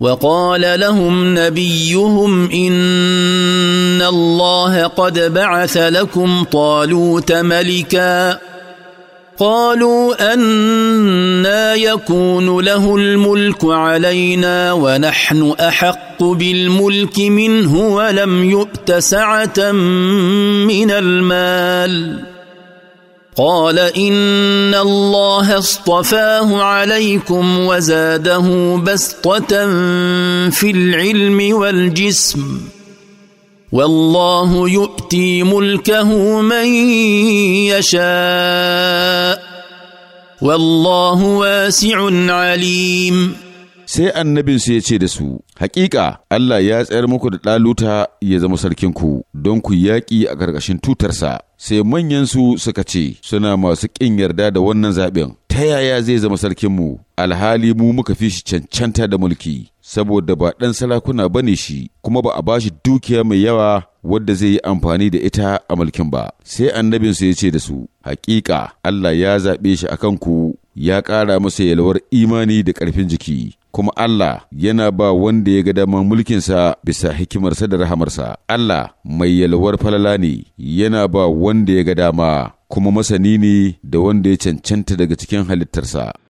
وقال لهم نبيهم ان الله قد بعث لكم طالوت ملكا قالوا انا يكون له الملك علينا ونحن احق بالملك منه ولم يؤت سعه من المال قال ان الله اصطفاه عليكم وزاده بسطه في العلم والجسم والله يؤتي ملكه من يشاء والله واسع عليم sai annabinsu ya ce da su, Hakika Allah ya tsayar muku da ɗaluta ya zama sarkinku don ku yaƙi a ƙarƙashin tutarsa, sai manyansu suka ce suna masu ƙin yarda da wannan zaɓen. Ta yaya zai zama sarkinmu, alhali mu muka fi shi cancanta da mulki, saboda ba ɗan sarakuna ba ne shi, kuma ba a ba shi dukiya mai yawa wadda zai yi amfani da ita a mulkin ba. Sai annabinsu ya ce da su, Hakika Allah ya zaɓe shi a ku, ya ƙara masa yalwar imani da ƙarfin jiki kuma Allah yana ba wanda ya ga mulkinsa bisa hikimarsa da rahamarsa. Allah mai yalwar falala ne yana ba wanda ya ga dama kuma masani ne da wanda ya cancanta daga cikin halittarsa.